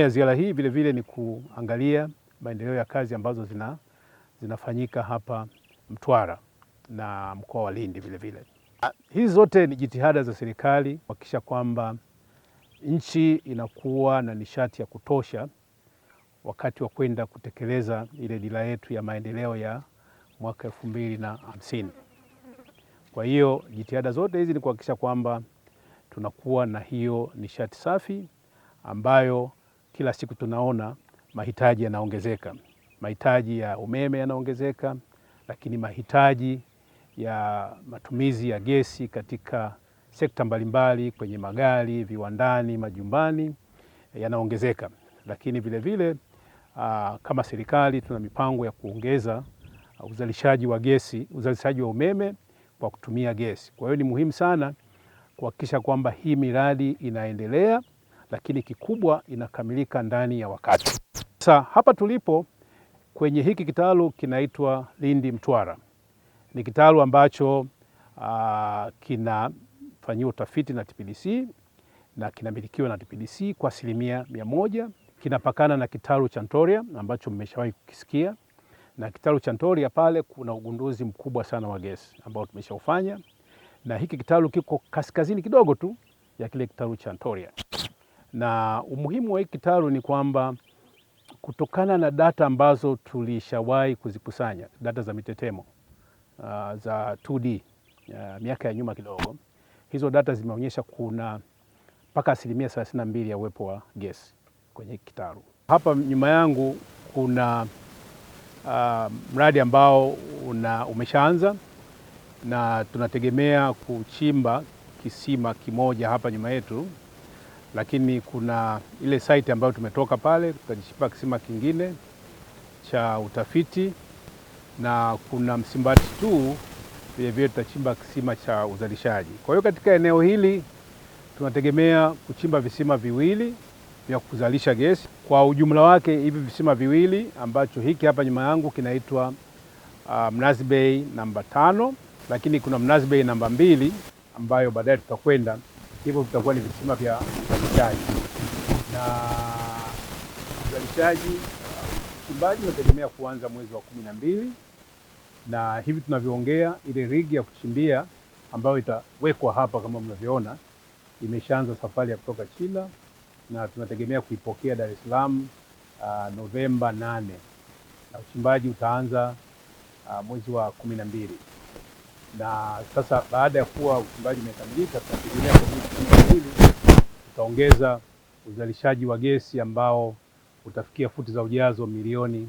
ya ziara hii vile vile ni kuangalia maendeleo ya kazi ambazo zina, zinafanyika hapa Mtwara na mkoa wa Lindi vile vile. Ah, hizi zote ni jitihada za serikali kuhakikisha kwamba nchi inakuwa na nishati ya kutosha wakati wa kwenda kutekeleza ile dira yetu ya maendeleo ya mwaka elfu mbili na hamsini. Kwa hiyo jitihada zote hizi ni kuhakikisha kwamba tunakuwa na hiyo nishati safi ambayo kila siku tunaona mahitaji yanaongezeka, mahitaji ya umeme yanaongezeka, lakini mahitaji ya matumizi ya gesi katika sekta mbalimbali, kwenye magari, viwandani, majumbani yanaongezeka. Lakini vilevile vile, ah, kama serikali tuna mipango ya kuongeza uzalishaji wa gesi, uzalishaji wa umeme kwa kutumia gesi. Kwa hiyo ni muhimu sana kuhakikisha kwamba hii miradi inaendelea lakini kikubwa inakamilika ndani ya wakati. Sasa hapa tulipo kwenye hiki kitalu kinaitwa Lindi Mtwara, ni kitalu ambacho kinafanyiwa utafiti na TPDC na kinamilikiwa na TPDC kwa asilimia mia moja. Kinapakana na kitalu cha Ntoria ambacho mmeshawahi kukisikia, na kitalu cha Ntoria pale kuna ugunduzi mkubwa sana wa gesi ambao tumeshaufanya, na hiki kitalu kiko kaskazini kidogo tu ya kile kitalu cha Ntoria na umuhimu wa hii kitalu ni kwamba kutokana na data ambazo tulishawahi kuzikusanya, data za mitetemo uh, za 2D uh, miaka ya nyuma kidogo, hizo data zimeonyesha kuna mpaka asilimia 32 ya uwepo wa gesi kwenye kitalu. Hapa nyuma yangu kuna uh, mradi ambao una umeshaanza na tunategemea kuchimba kisima kimoja hapa nyuma yetu lakini kuna ile site ambayo tumetoka pale, tutajishipa kisima kingine cha utafiti na kuna Msimbati tu vilevile tutachimba kisima cha uzalishaji. Kwa hiyo katika eneo hili tunategemea kuchimba visima viwili vya kuzalisha gesi. Kwa ujumla wake hivi visima viwili ambacho hiki hapa nyuma yangu kinaitwa uh, Mnazi Bay namba tano, lakini kuna Mnazi Bay namba mbili ambayo baadaye tutakwenda hivyo vitakuwa ni visima vya uzalishaji na uzalishaji uchimbaji unategemea kuanza mwezi wa kumi na mbili na hivi tunavyoongea, ile rigi ya kuchimbia ambayo itawekwa hapa kama mnavyoona imeshaanza safari ya kutoka china na tunategemea kuipokea Dar es Salaam uh, Novemba nane na uchimbaji utaanza uh, mwezi wa kumi na mbili na sasa baada ya kuwa uchimbaji umekamilika, tunategemea kwa miaka miwili tutaongeza uzalishaji wa gesi ambao utafikia futi za ujazo milioni